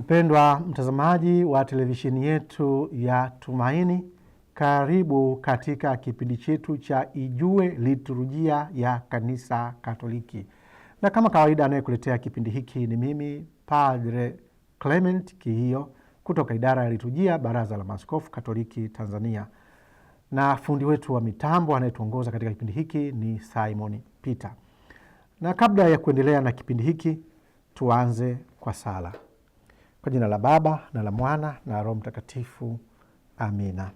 Mpendwa mtazamaji wa televisheni yetu ya Tumaini, karibu katika kipindi chetu cha Ijue Liturujia ya Kanisa Katoliki, na kama kawaida, anayekuletea kipindi hiki ni mimi Padre Clement Kihio kutoka idara ya liturujia, Baraza la Maaskofu Katoliki Tanzania, na fundi wetu wa mitambo anayetuongoza katika kipindi hiki ni Simon Peter. Na kabla ya kuendelea na kipindi hiki, tuanze kwa sala. Kwa jina la Baba na la Mwana na Roho Mtakatifu, amina.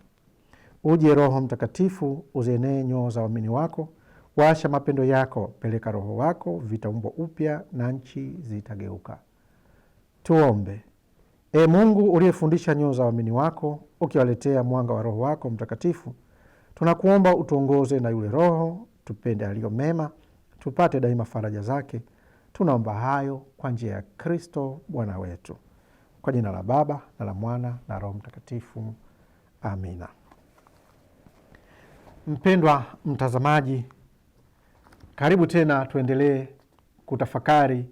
Uje Roho Mtakatifu, uzienee nyoo za waamini wako, washa mapendo yako, peleka Roho wako, vitaumbwa upya na nchi zitageuka. Tuombe. E Mungu uliyefundisha nyoo za waamini wako, ukiwaletea mwanga wa Roho wako Mtakatifu, tunakuomba utuongoze na yule Roho tupende aliyo mema, tupate daima faraja zake. Tunaomba hayo kwa njia ya Kristo Bwana wetu. Kwa jina la Baba na la Mwana na Roho Mtakatifu, amina. Mpendwa mtazamaji, karibu tena, tuendelee kutafakari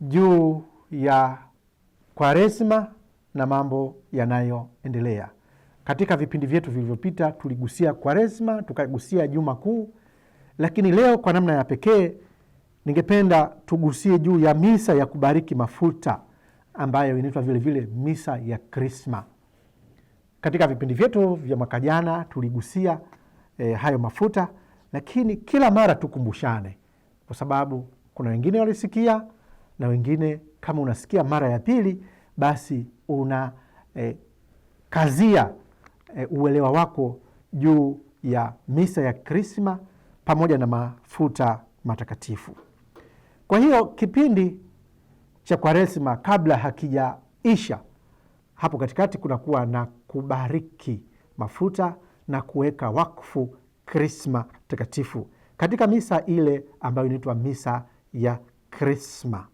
juu ya Kwaresma na mambo yanayoendelea. Katika vipindi vyetu vilivyopita tuligusia Kwaresma, tukagusia Juma Kuu, lakini leo kwa namna ya pekee ningependa tugusie juu ya misa ya kubariki mafuta ambayo inaitwa vilevile misa ya Krisma. Katika vipindi vyetu vya mwaka jana tuligusia e, hayo mafuta, lakini kila mara tukumbushane, kwa sababu kuna wengine walisikia na wengine, kama unasikia mara ya pili, basi una e, kazia e, uelewa wako juu ya misa ya Krisma pamoja na mafuta matakatifu. Kwa hiyo kipindi cha Kwaresima kabla hakijaisha, hapo katikati kunakuwa na kubariki mafuta na kuweka wakfu krisma takatifu katika misa ile ambayo inaitwa misa ya krisma.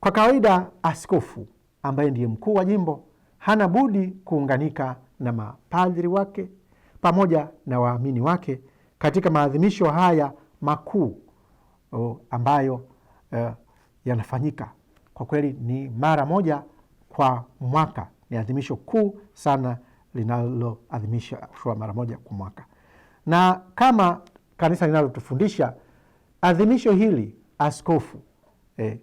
Kwa kawaida, askofu ambaye ndiye mkuu wa jimbo hana budi kuunganika na mapadhiri wake pamoja na waamini wake katika maadhimisho haya makuu oh, ambayo eh, yanafanyika kwa kweli ni mara moja kwa mwaka. Ni adhimisho kuu sana linaloadhimishwa mara moja kwa mwaka, na kama kanisa linalotufundisha adhimisho hili, askofu eh,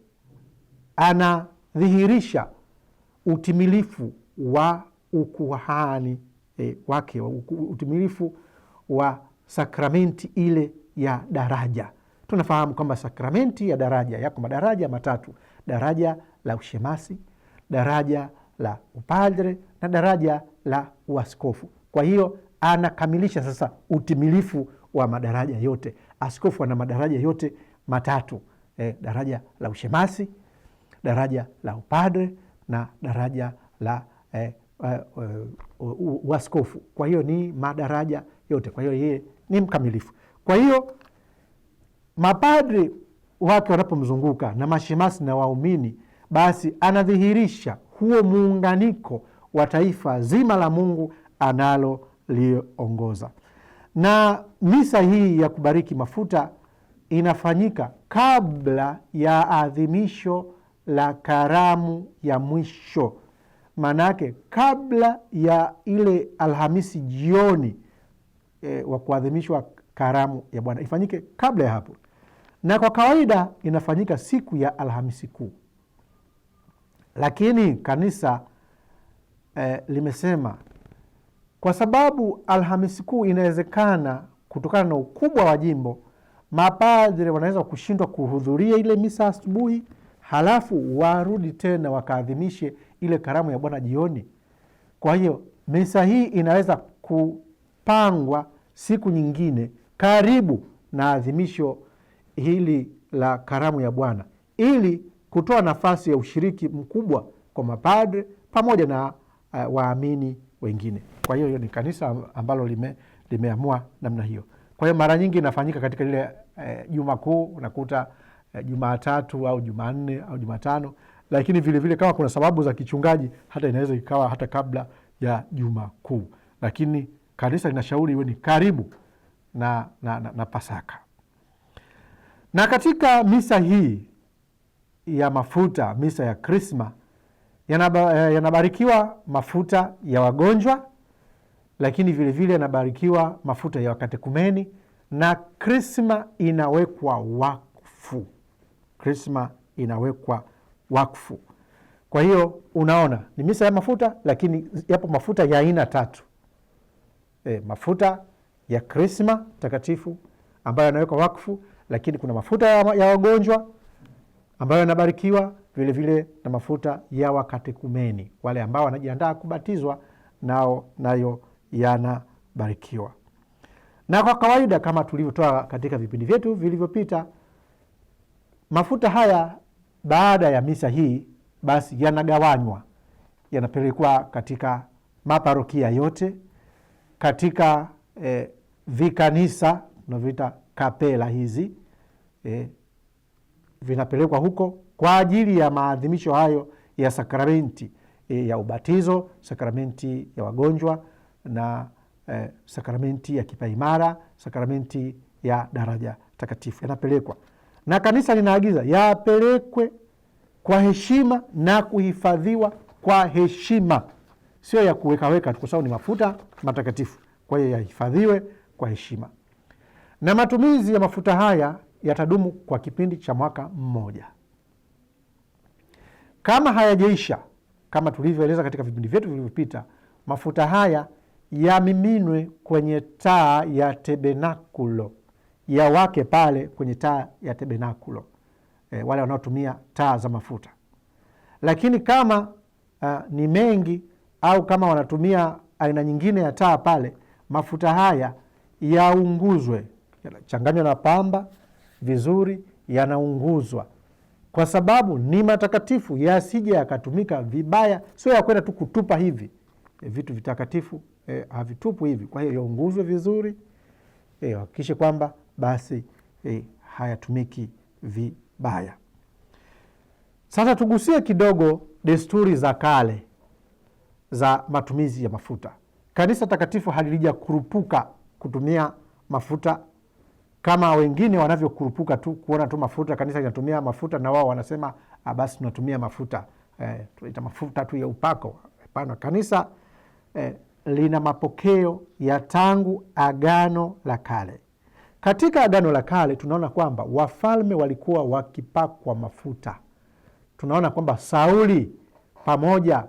anadhihirisha utimilifu wa ukuhani eh, wake utimilifu wa sakramenti ile ya daraja Tunafahamu kwamba sakramenti ya daraja yako madaraja matatu: daraja la ushemasi, daraja la upadre na daraja la uaskofu. Kwa hiyo anakamilisha sasa utimilifu wa madaraja yote. Askofu ana madaraja yote matatu eh, daraja la ushemasi, daraja la upadre na daraja la eh, uaskofu. Kwa hiyo ni madaraja yote, kwa hiyo yeye ni mkamilifu. Kwa hiyo mapadri wake wanapomzunguka na mashemasi na waumini, basi anadhihirisha huo muunganiko wa taifa zima la Mungu analoliongoza. Na misa hii ya kubariki mafuta inafanyika kabla ya adhimisho la karamu ya mwisho, maanayake kabla ya ile Alhamisi jioni e, wa kuadhimishwa karamu ya Bwana, ifanyike kabla ya hapo na kwa kawaida inafanyika siku ya Alhamisi Kuu, lakini kanisa eh, limesema kwa sababu Alhamisi Kuu inawezekana kutokana na ukubwa wa jimbo, mapadre wanaweza kushindwa kuhudhuria ile misa asubuhi, halafu warudi tena wakaadhimishe ile karamu ya Bwana jioni. Kwa hiyo misa hii inaweza kupangwa siku nyingine karibu na adhimisho hili la karamu ya Bwana ili kutoa nafasi ya ushiriki mkubwa kwa mapadre pamoja na uh, waamini wengine. Kwa hiyo hiyo ni kanisa ambalo lime, limeamua namna hiyo. Kwa hiyo mara nyingi inafanyika katika lile eh, Juma uh, Kuu, unakuta uh, Jumatatu au Jumanne au Jumatano, lakini vilevile vile kama kuna sababu za kichungaji hata inaweza ikawa hata kabla ya Juma Kuu, lakini kanisa linashauri iwe ni karibu na, na, na, na Pasaka. Na katika misa hii ya mafuta, misa ya Krisma, eh, yanabarikiwa mafuta ya wagonjwa, lakini vilevile yanabarikiwa mafuta ya wakatekumeni na Krisma inawekwa wakfu. Krisma inawekwa wakfu. Kwa hiyo unaona ni misa ya mafuta, lakini yapo mafuta ya aina tatu. E, mafuta ya Krisma takatifu ambayo yanawekwa wakfu lakini kuna mafuta ya, ya wagonjwa ambayo yanabarikiwa vilevile vile na mafuta ya wakatekumeni, wale ambao wanajiandaa kubatizwa nao nayo yanabarikiwa. Na kwa kawaida kama tulivyotoa katika vipindi vyetu vilivyopita, mafuta haya baada ya misa hii basi yanagawanywa, yanapelekwa katika maparokia yote katika eh, vikanisa tunavyoita kapela hizi eh, vinapelekwa huko kwa ajili ya maadhimisho hayo ya sakramenti eh, ya ubatizo, sakramenti ya wagonjwa na eh, sakramenti ya kipaimara, sakramenti ya daraja takatifu yanapelekwa, na kanisa linaagiza yapelekwe kwa heshima na kuhifadhiwa kwa heshima, sio ya kuwekaweka, kwa sababu ni mafuta matakatifu. Kwa hiyo yahifadhiwe kwa heshima na matumizi ya mafuta haya yatadumu kwa kipindi cha mwaka mmoja. Kama hayajaisha, kama tulivyoeleza katika vipindi vyetu vilivyopita, mafuta haya yamiminwe kwenye taa ya tebenakulo, yawake pale kwenye taa ya tebenakulo, e, wale wanaotumia taa za mafuta. Lakini kama uh, ni mengi au kama wanatumia aina nyingine ya taa pale, mafuta haya yaunguzwe, changanywa na pamba vizuri, yanaunguzwa kwa sababu ni matakatifu, yasije yakatumika vibaya. Sio ya kwenda tu kutupa hivi e, vitu vitakatifu e, havitupu hivi. Kwa hiyo yaunguzwe vizuri, e, hakikishe e, kwamba basi e, hayatumiki vibaya. Sasa tugusie kidogo desturi za kale za matumizi ya mafuta. Kanisa takatifu halilija kurupuka kutumia mafuta kama wengine wanavyokurupuka tu kuona tu mafuta, kanisa linatumia mafuta na wao wanasema ah, basi tunatumia mafuta eh, tunaita mafuta tu ya upako. Hapana, kanisa eh, lina mapokeo ya tangu Agano la Kale. Katika Agano la Kale tunaona kwamba wafalme walikuwa wakipakwa mafuta. Tunaona kwamba Sauli pamoja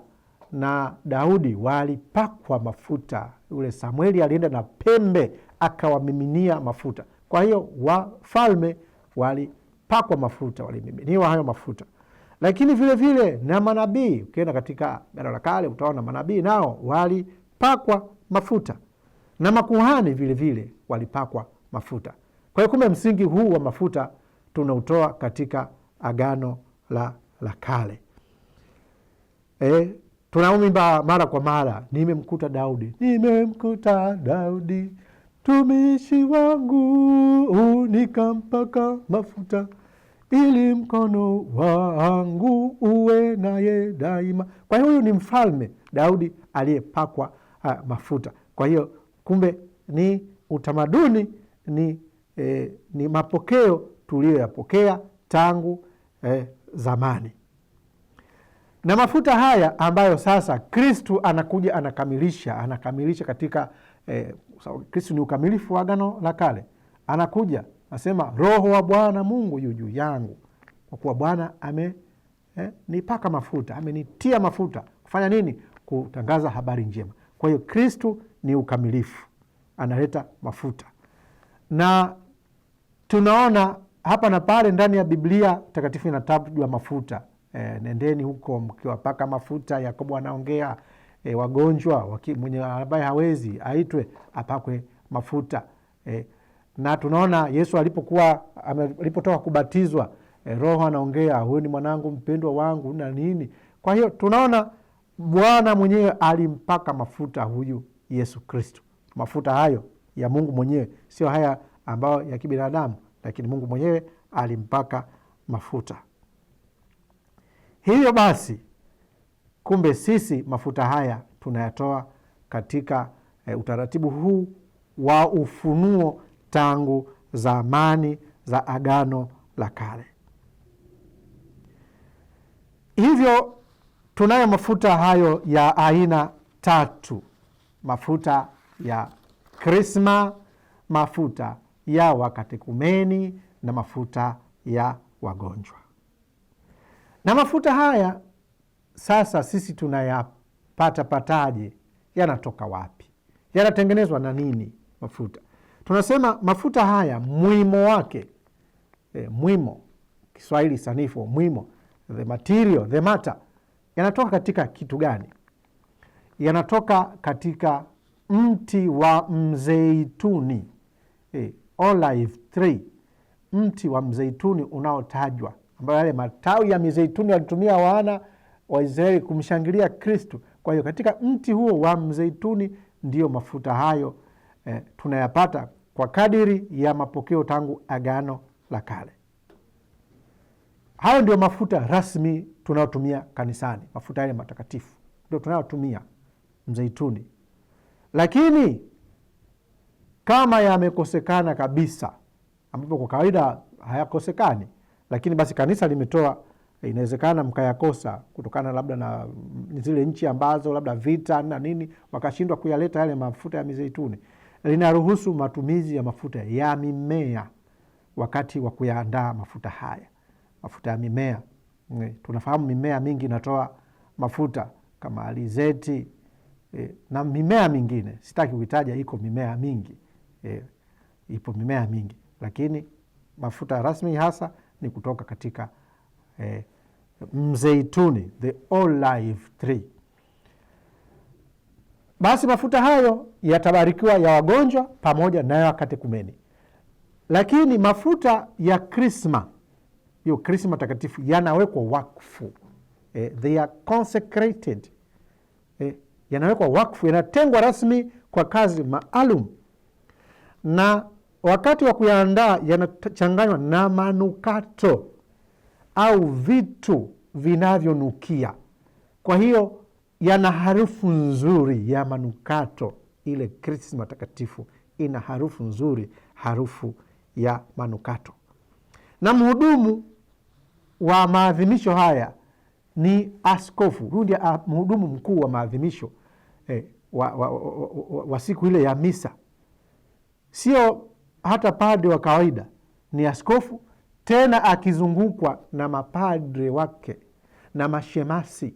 na Daudi walipakwa mafuta. Yule Samueli alienda na pembe akawamiminia mafuta. Kwa hiyo wafalme walipakwa mafuta, walimiminiwa hayo mafuta, lakini vilevile vile, na manabii. Ukienda katika Agano la Kale utaona manabii nao walipakwa mafuta na makuhani vilevile walipakwa mafuta. Kwa hiyo kumbe, msingi huu wa mafuta tunautoa katika Agano la, la Kale. E, tunaumimba mara kwa mara, nimemkuta Daudi, nimemkuta Daudi Tumishi wangu unikampaka mafuta ili mkono wangu uwe naye daima. Kwa hiyo huyu ni mfalme Daudi aliyepakwa uh, mafuta. Kwa hiyo kumbe ni utamaduni, ni, eh, ni mapokeo tuliyoyapokea tangu eh, zamani, na mafuta haya ambayo sasa Kristu anakuja anakamilisha, anakamilisha katika eh, Kristo ni ukamilifu wa agano la kale, anakuja nasema Roho wa Bwana Mungu yu juu yangu, kwa kuwa Bwana amenipaka eh, mafuta, amenitia mafuta kufanya nini? Kutangaza habari njema. Kwa hiyo Kristo ni ukamilifu, analeta mafuta, na tunaona hapa na pale ndani ya Biblia takatifu inatajwa mafuta. Eh, nendeni huko mkiwapaka mafuta, Yakobo anaongea e, wagonjwa waki, mwenye ambaye hawezi aitwe apakwe mafuta e, na tunaona Yesu alipokuwa alipotoka kubatizwa e, Roho anaongea huyu ni mwanangu mpendwa wangu na nini. Kwa hiyo tunaona Bwana mwenyewe alimpaka mafuta huyu Yesu Kristo, mafuta hayo ya Mungu mwenyewe, sio haya ambayo ya kibinadamu, lakini Mungu mwenyewe alimpaka mafuta. Hivyo basi Kumbe sisi mafuta haya tunayatoa katika e, utaratibu huu wa ufunuo tangu zamani za Agano la Kale. Hivyo tunayo mafuta hayo ya aina tatu: mafuta ya krisma, mafuta ya wakatekumeni na mafuta ya wagonjwa. Na mafuta haya sasa sisi tunayapatapataje? Yanatoka wapi? Yanatengenezwa na nini? Mafuta tunasema mafuta haya mwimo wake e, mwimo Kiswahili sanifu mwimo, the material, the matter, yanatoka katika kitu gani? Yanatoka katika mti wa mzeituni e, olive tree, mti wa mzeituni unaotajwa, ambayo yale matawi ya mizeituni walitumia wana Waisraeli kumshangilia Kristu. Kwa hiyo katika mti huo wa mzeituni ndiyo mafuta hayo eh, tunayapata kwa kadiri ya mapokeo tangu Agano la Kale. Hayo ndio mafuta rasmi tunayotumia kanisani, mafuta yale matakatifu ndio tunayotumia mzeituni. Lakini kama yamekosekana kabisa, ambapo kwa kawaida hayakosekani, lakini basi kanisa limetoa inawezekana mkayakosa kutokana labda na zile nchi ambazo labda vita na nini, wakashindwa kuyaleta yale mafuta ya mizeituni. Linaruhusu matumizi ya mafuta ya mimea wakati wa kuyaandaa mafuta haya, mafuta ya mimea. Eh, tunafahamu mimea mingi inatoa mafuta kama alizeti e, na mimea mingine sitaki kuitaja, iko mimea mingi e, ipo mimea mingi, lakini mafuta rasmi hasa ni kutoka katika eh, mzeituni, the olive tree. Basi mafuta hayo yatabarikiwa ya wagonjwa pamoja nayo kumeni Lakini mafuta ya krisma, hiyo krisma takatifu, yanawekwa wakfu eh, they are consecrated eh, yanawekwa wakfu, yanatengwa rasmi kwa kazi maalum, na wakati wa kuyaandaa yanachanganywa na manukato au vitu vinavyonukia. Kwa hiyo yana harufu nzuri ya manukato. Ile krisma takatifu ina harufu nzuri, harufu ya manukato. Na mhudumu wa maadhimisho haya ni askofu. Huyu ndiye ah, mhudumu mkuu wa maadhimisho eh, wa, wa, wa, wa, wa siku ile ya misa, sio hata padre wa kawaida, ni askofu tena akizungukwa na mapadre wake na mashemasi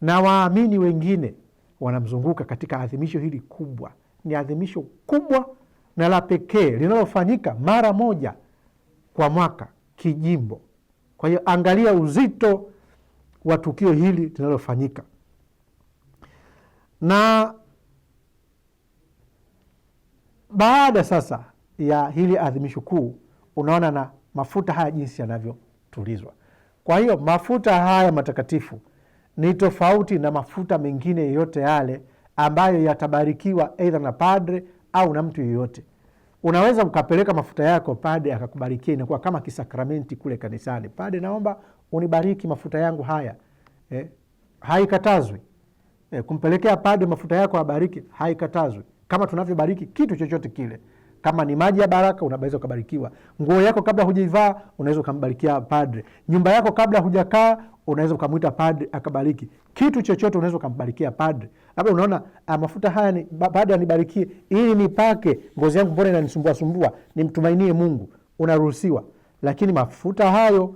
na waamini wengine wanamzunguka katika adhimisho hili kubwa. Ni adhimisho kubwa na la pekee linalofanyika mara moja kwa mwaka kijimbo. Kwa hiyo angalia uzito wa tukio hili linalofanyika na baada sasa ya hili adhimisho kuu, unaona na mafuta haya jinsi yanavyotulizwa. Kwa hiyo mafuta haya matakatifu ni tofauti na mafuta mengine yoyote yale ambayo yatabarikiwa eidha na padre au na mtu yoyote. Unaweza mkapeleka mafuta yako padre akakubarikia, inakuwa kama kisakramenti kule kanisani. Padre, naomba unibariki mafuta yangu haya eh, haikatazwi eh, kumpelekea padre mafuta yako abariki, haikatazwi kama tunavyobariki kitu chochote kile. Kama ni maji ya baraka, unaweza ukabarikiwa. Nguo yako kabla hujaivaa, unaweza ukambarikia padre. Nyumba yako kabla hujakaa, unaweza ukamwita padre akabariki. Kitu chochote unaweza ukambarikia padre. Labda unaona ah, mafuta haya ni padre anibarikie ili nipake, ngozi yangu mbona inanisumbua sumbua, nimtumainie Mungu. Unaruhusiwa, lakini mafuta hayo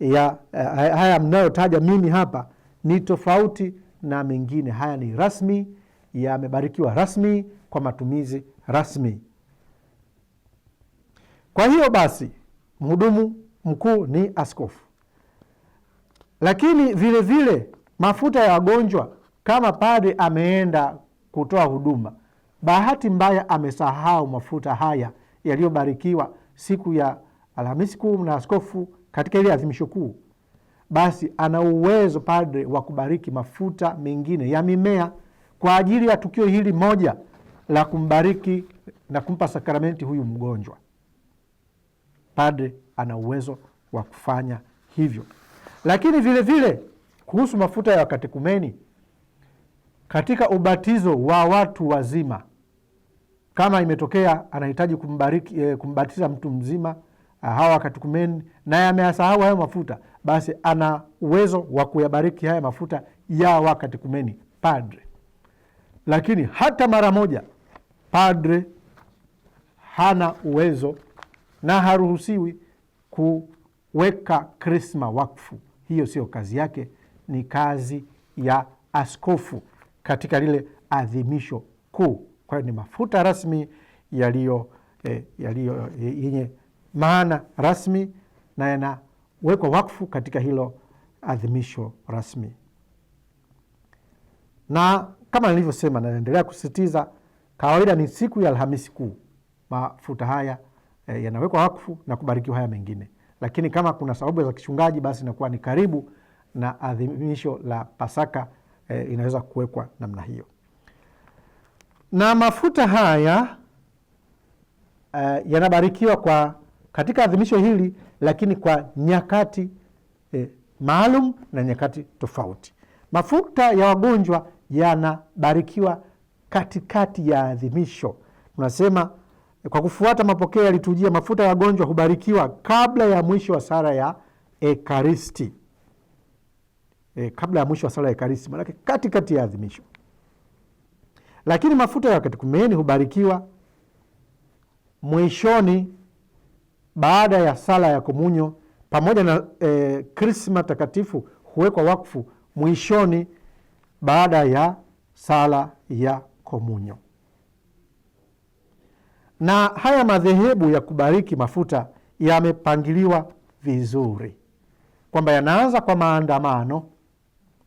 ya eh, haya mnayotaja mimi hapa ni tofauti na mengine. Haya ni rasmi, yamebarikiwa rasmi kwa matumizi rasmi. Kwa hiyo basi mhudumu mkuu ni askofu, lakini vile vile mafuta ya wagonjwa. Kama padre ameenda kutoa huduma, bahati mbaya amesahau mafuta haya yaliyobarikiwa siku ya Alhamisi Kuu na askofu katika ile adhimisho kuu, basi ana uwezo padre wa kubariki mafuta mengine ya mimea kwa ajili ya tukio hili moja la kumbariki na kumpa sakramenti huyu mgonjwa padre ana uwezo wa kufanya hivyo. Lakini vilevile vile, kuhusu mafuta ya wakatekumeni katika ubatizo wa watu wazima, kama imetokea anahitaji kumbariki, eh, kumbatiza mtu mzima ah, hawa wakatekumeni naye ameyasahau hayo mafuta, basi ana uwezo wa kuyabariki haya mafuta ya wakatekumeni padre. Lakini hata mara moja padre hana uwezo na haruhusiwi kuweka krisma wakfu. Hiyo sio kazi yake, ni kazi ya askofu katika lile adhimisho kuu. Kwa hiyo ni mafuta rasmi yaliyo eh, yaliyo eh, yenye maana rasmi na yanawekwa wakfu katika hilo adhimisho rasmi. Na kama nilivyosema, naendelea kusisitiza, kawaida ni siku ya Alhamisi Kuu mafuta haya Eh, yanawekwa wakfu na kubarikiwa haya mengine, lakini kama kuna sababu za kichungaji, basi inakuwa ni karibu na adhimisho la Pasaka e, inaweza kuwekwa namna hiyo. Na mafuta haya e, yanabarikiwa kwa katika adhimisho hili, lakini kwa nyakati e, maalum na nyakati tofauti. Mafuta ya wagonjwa yanabarikiwa katikati ya adhimisho tunasema kwa kufuata mapokeo yalitujia, mafuta ya wagonjwa hubarikiwa kabla ya mwisho wa sala ya Ekaristi. E, kabla ya mwisho wa sala ya Ekaristi, maanake katikati ya adhimisho. Lakini mafuta ya wakati kumeni hubarikiwa mwishoni, baada ya sala ya komunyo pamoja na e, krisma takatifu huwekwa wakfu mwishoni, baada ya sala ya komunyo na haya madhehebu ya kubariki mafuta yamepangiliwa vizuri, kwamba yanaanza kwa maandamano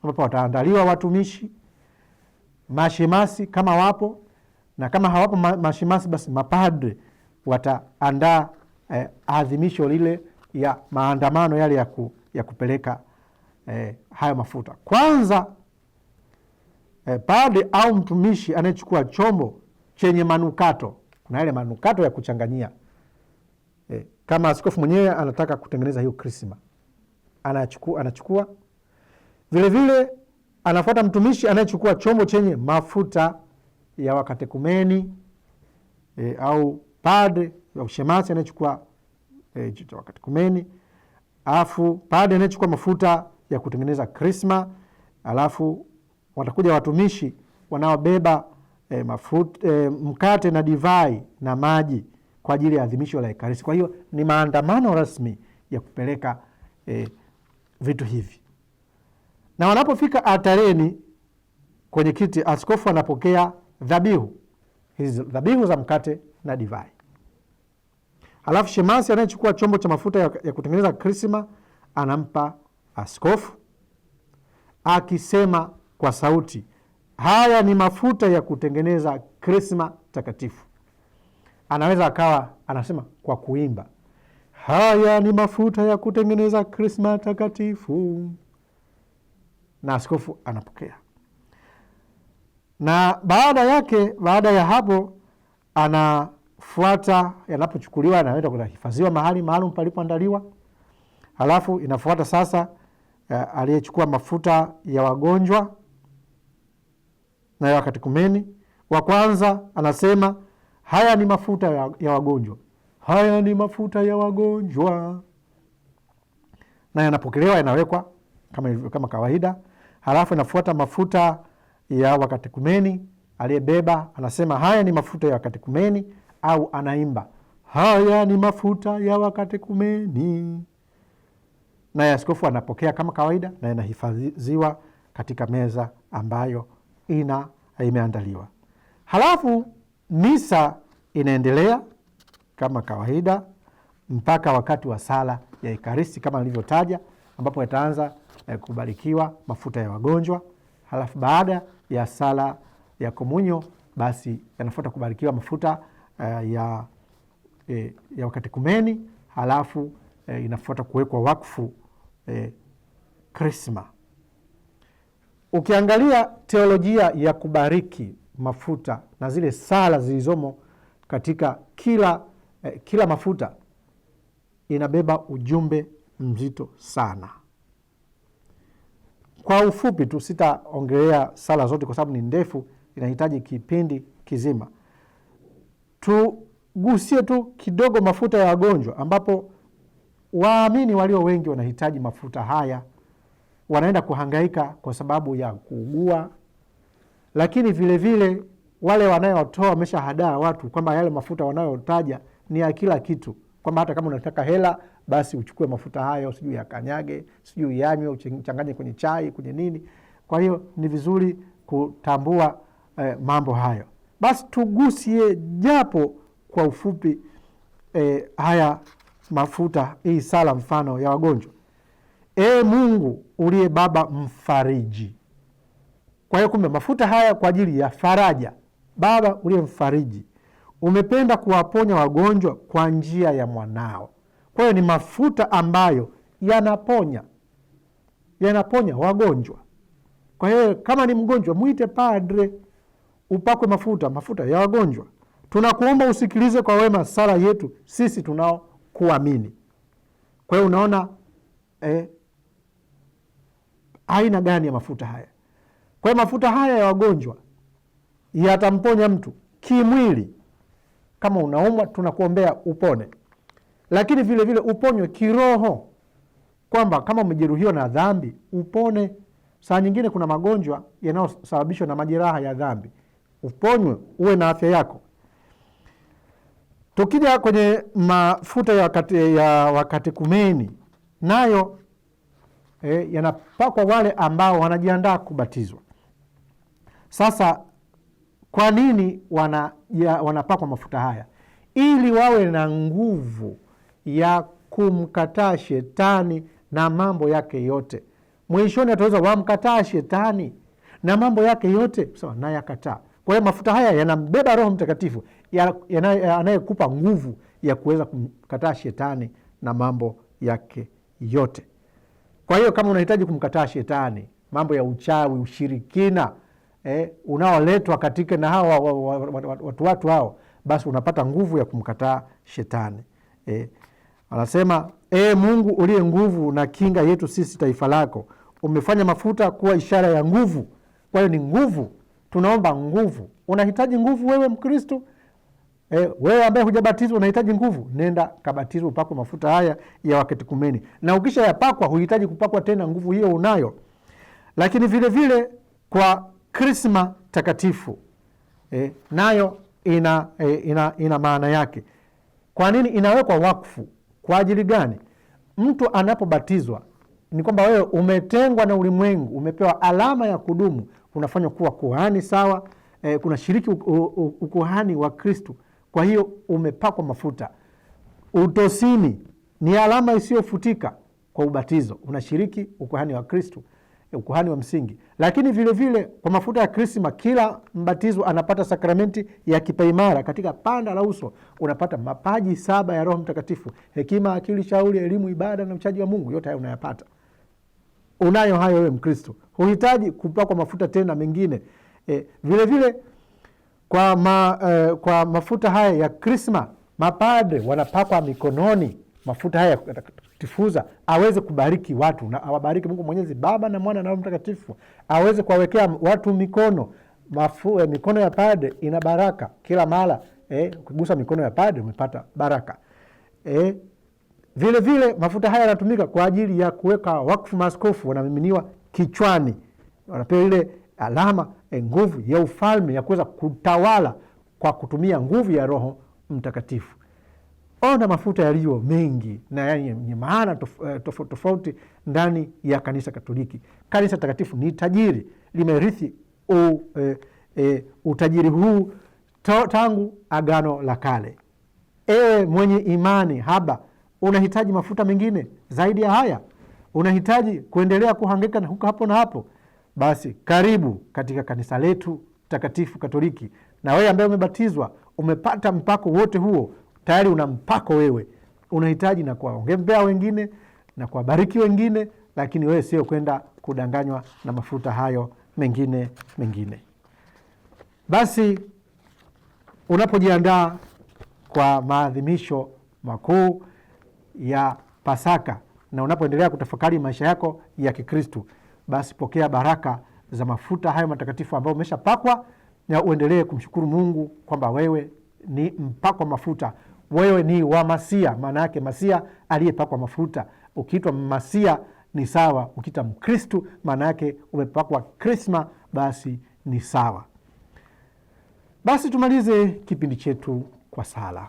ambapo wataandaliwa watumishi mashemasi kama wapo, na kama hawapo mashemasi, basi mapadre wataandaa eh, adhimisho lile ya maandamano yale ya, ku, ya kupeleka eh, hayo mafuta kwanza. Eh, padre au mtumishi anayechukua chombo chenye manukato kuna yale manukato ya kuchanganyia e, kama askofu mwenyewe anataka kutengeneza hiyo krisma anachukua, anachukua. Vilevile anafuata mtumishi anayechukua chombo chenye mafuta ya wakatekumeni e, au padre au shemasi anayechukua e, wakatekumeni, alafu padre anayechukua mafuta ya kutengeneza krisma, alafu watakuja watumishi wanaobeba e, mafut, e, mkate na divai na maji kwa ajili ya adhimisho la Ekaristi. Kwa hiyo ni maandamano rasmi ya kupeleka e, vitu hivi, na wanapofika altareni kwenye kiti, askofu anapokea dhabihu hizi, dhabihu za mkate na divai. alafu shemasi anayechukua chombo cha mafuta ya, ya kutengeneza krisma anampa askofu akisema kwa sauti haya ni mafuta ya kutengeneza krisma takatifu. Anaweza akawa anasema kwa kuimba, haya ni mafuta ya kutengeneza krisma takatifu, na askofu anapokea. Na baada yake, baada ya hapo, anafuata yanapochukuliwa, anaenda kunahifadhiwa mahali maalum palipoandaliwa. Halafu inafuata sasa, eh, aliyechukua mafuta ya wagonjwa naye kumeni Wa kwanza anasema haya ni mafuta ya, ya wagonjwa, haya ni mafuta ya wagonjwa, na yanapokelewa yanawekwa kama, kama kawaida. Halafu inafuata mafuta ya wakati kumeni, aliyebeba anasema haya ni mafuta ya wakati kumeni, au anaimba haya ni mafuta ya wakati kumeni, naye askofu anapokea kama kawaida, na yanahifadhiwa katika meza ambayo ina imeandaliwa. Halafu misa inaendelea kama kawaida mpaka wakati wa sala ya Ekaristi kama nilivyotaja, ambapo yataanza eh, kubarikiwa mafuta ya wagonjwa. Halafu baada ya sala ya komunyo, basi yanafuata kubarikiwa mafuta eh, ya, eh, ya wakati kumeni. Halafu eh, inafuata kuwekwa wakfu eh, krisma Ukiangalia teolojia ya kubariki mafuta na zile sala zilizomo katika kila, eh, kila mafuta inabeba ujumbe mzito sana. Kwa ufupi tu, sitaongelea sala zote kwa sababu ni ndefu, inahitaji kipindi kizima. Tugusie tu kidogo mafuta ya wagonjwa, ambapo waamini walio wengi wanahitaji mafuta haya wanaenda kuhangaika kwa sababu ya kuugua, lakini vilevile vile, wale wanayotoa wameshahadaa watu kwamba yale mafuta wanayotaja ni ya kila kitu, kwamba hata kama unataka hela basi uchukue mafuta hayo, sijui yakanyage, sijui yanywe, uchanganye kwenye chai, kwenye nini. Kwa hiyo ni vizuri kutambua eh, mambo hayo. Basi tugusie japo kwa ufupi eh, haya mafuta, hii sala mfano ya wagonjwa. Ee Mungu uliye Baba mfariji. Kwa hiyo kumbe mafuta haya kwa ajili ya faraja. Baba uliye mfariji, umependa kuwaponya wagonjwa kwa njia ya mwanao. Kwa hiyo ni mafuta ambayo yanaponya, yanaponya wagonjwa. Kwa hiyo kama ni mgonjwa, mwite padre upakwe mafuta, mafuta ya wagonjwa. Tunakuomba usikilize kwa wema sala yetu sisi tunaokuamini. Kwa hiyo unaona eh, aina gani ya mafuta haya. Kwa hiyo mafuta haya ya wagonjwa yatamponya mtu kimwili. Kama unaumwa, tunakuombea upone, lakini vile vile uponywe kiroho, kwamba kama umejeruhiwa na dhambi upone. Saa nyingine kuna magonjwa yanayosababishwa na majeraha ya dhambi, uponywe, uwe na afya yako. Tukija kwenye mafuta ya wakati, ya wakati kumeni nayo e, yanapakwa wale ambao wanajiandaa kubatizwa. Sasa kwa nini wana, wanapakwa mafuta haya? Ili wawe na nguvu ya kumkataa shetani na mambo yake yote. Mwishoni ataweza wamkataa shetani na mambo yake yote sawa, nayakataa Kwa hiyo mafuta haya yanambeba Roho Mtakatifu anayekupa nguvu ya kuweza kumkataa shetani na mambo yake yote. Kwa hiyo kama unahitaji kumkataa shetani, mambo ya uchawi, ushirikina eh, unaoletwa katika na hawa watu watu hao, basi unapata nguvu ya kumkataa shetani eh. Anasema e, Mungu uliye nguvu na kinga yetu sisi taifa lako, umefanya mafuta kuwa ishara ya nguvu. Kwa hiyo ni nguvu, tunaomba nguvu. Unahitaji nguvu wewe Mkristo, Eh, wewe ambaye hujabatizwa unahitaji nguvu, nenda kabatizwa, upakwe mafuta haya ya waketikumeni, na ukisha yapakwa huhitaji kupakwa tena, nguvu hiyo unayo. Lakini vilevile vile kwa krisma takatifu eh, nayo ina, eh, ina, ina maana yake. Kwa nini inawekwa wakfu? Kwa ajili gani? Mtu anapobatizwa ni kwamba wewe umetengwa na ulimwengu, umepewa alama ya kudumu, unafanywa kuwa kuhani sawa, eh, kuna shiriki ukuhani wa Kristu kwa hiyo umepakwa mafuta. Utosini ni alama isiyofutika kwa ubatizo, unashiriki ukuhani wa Kristu, ukuhani wa msingi. Lakini vilevile vile, kwa mafuta ya Krisma kila mbatizo anapata sakramenti ya kipaimara katika panda la uso, unapata mapaji saba ya Roho Mtakatifu, hekima, akili, shauri, elimu, ibada na mchaji wa Mungu. Yote hayo unayapata, unayo hayo wewe Mkristo, huhitaji kupakwa mafuta tena mengine. Eh, e, vilevile kwa, ma, uh, kwa mafuta haya ya krisma mapadre wanapakwa mikononi mafuta haya yakutifuza, aweze kubariki watu na awabariki Mungu Mwenyezi Baba na Mwana na Roho Mtakatifu, aweze kuwawekea watu mikono mafu, eh, mikono ya padre ina baraka kila mara eh, kugusa mikono ya padre umepata baraka eh, vile vile mafuta haya yanatumika kwa ajili ya kuweka wakfu, maaskofu wanamiminiwa kichwani, wanapewa ile alama e, nguvu ya ufalme ya kuweza kutawala kwa kutumia nguvu ya Roho Mtakatifu. Ona mafuta yaliyo mengi na yenye maana tofauti eh, tofauti ndani ya kanisa Katoliki. Kanisa takatifu ni tajiri, limerithi u, e, e, utajiri huu to, tangu Agano la Kale. Ewe mwenye imani haba, unahitaji mafuta mengine zaidi ya haya? Unahitaji kuendelea kuhangaika na huko hapo na hapo? Basi karibu katika kanisa letu takatifu Katoliki, na wewe ambaye umebatizwa umepata mpako wote huo, tayari una mpako wewe. Unahitaji na kuwaongembea wengine na kuwabariki wengine, lakini wewe sio kwenda kudanganywa na mafuta hayo mengine mengine. Basi unapojiandaa kwa maadhimisho makuu ya Pasaka na unapoendelea kutafakari maisha yako ya Kikristu basi pokea baraka za mafuta hayo matakatifu ambayo umeshapakwa, na uendelee kumshukuru Mungu kwamba wewe ni mpakwa mafuta, wewe ni wa Masia. Maana yake Masia aliyepakwa mafuta. Ukiitwa Masia ni sawa, ukiita Mkristu maana yake umepakwa krisma, basi ni sawa. Basi tumalize kipindi chetu kwa sala.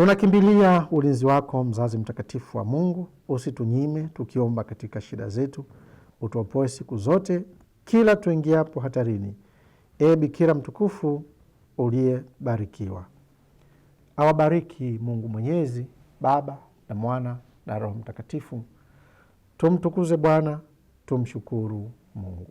Tunakimbilia ulinzi wako, mzazi mtakatifu wa Mungu, usitunyime tukiomba katika shida zetu, utuopoe siku zote kila tuingiapo hatarini. e Bikira mtukufu uliyebarikiwa. Awabariki Mungu Mwenyezi, Baba na Mwana na Roho Mtakatifu. Tumtukuze Bwana, tumshukuru Mungu.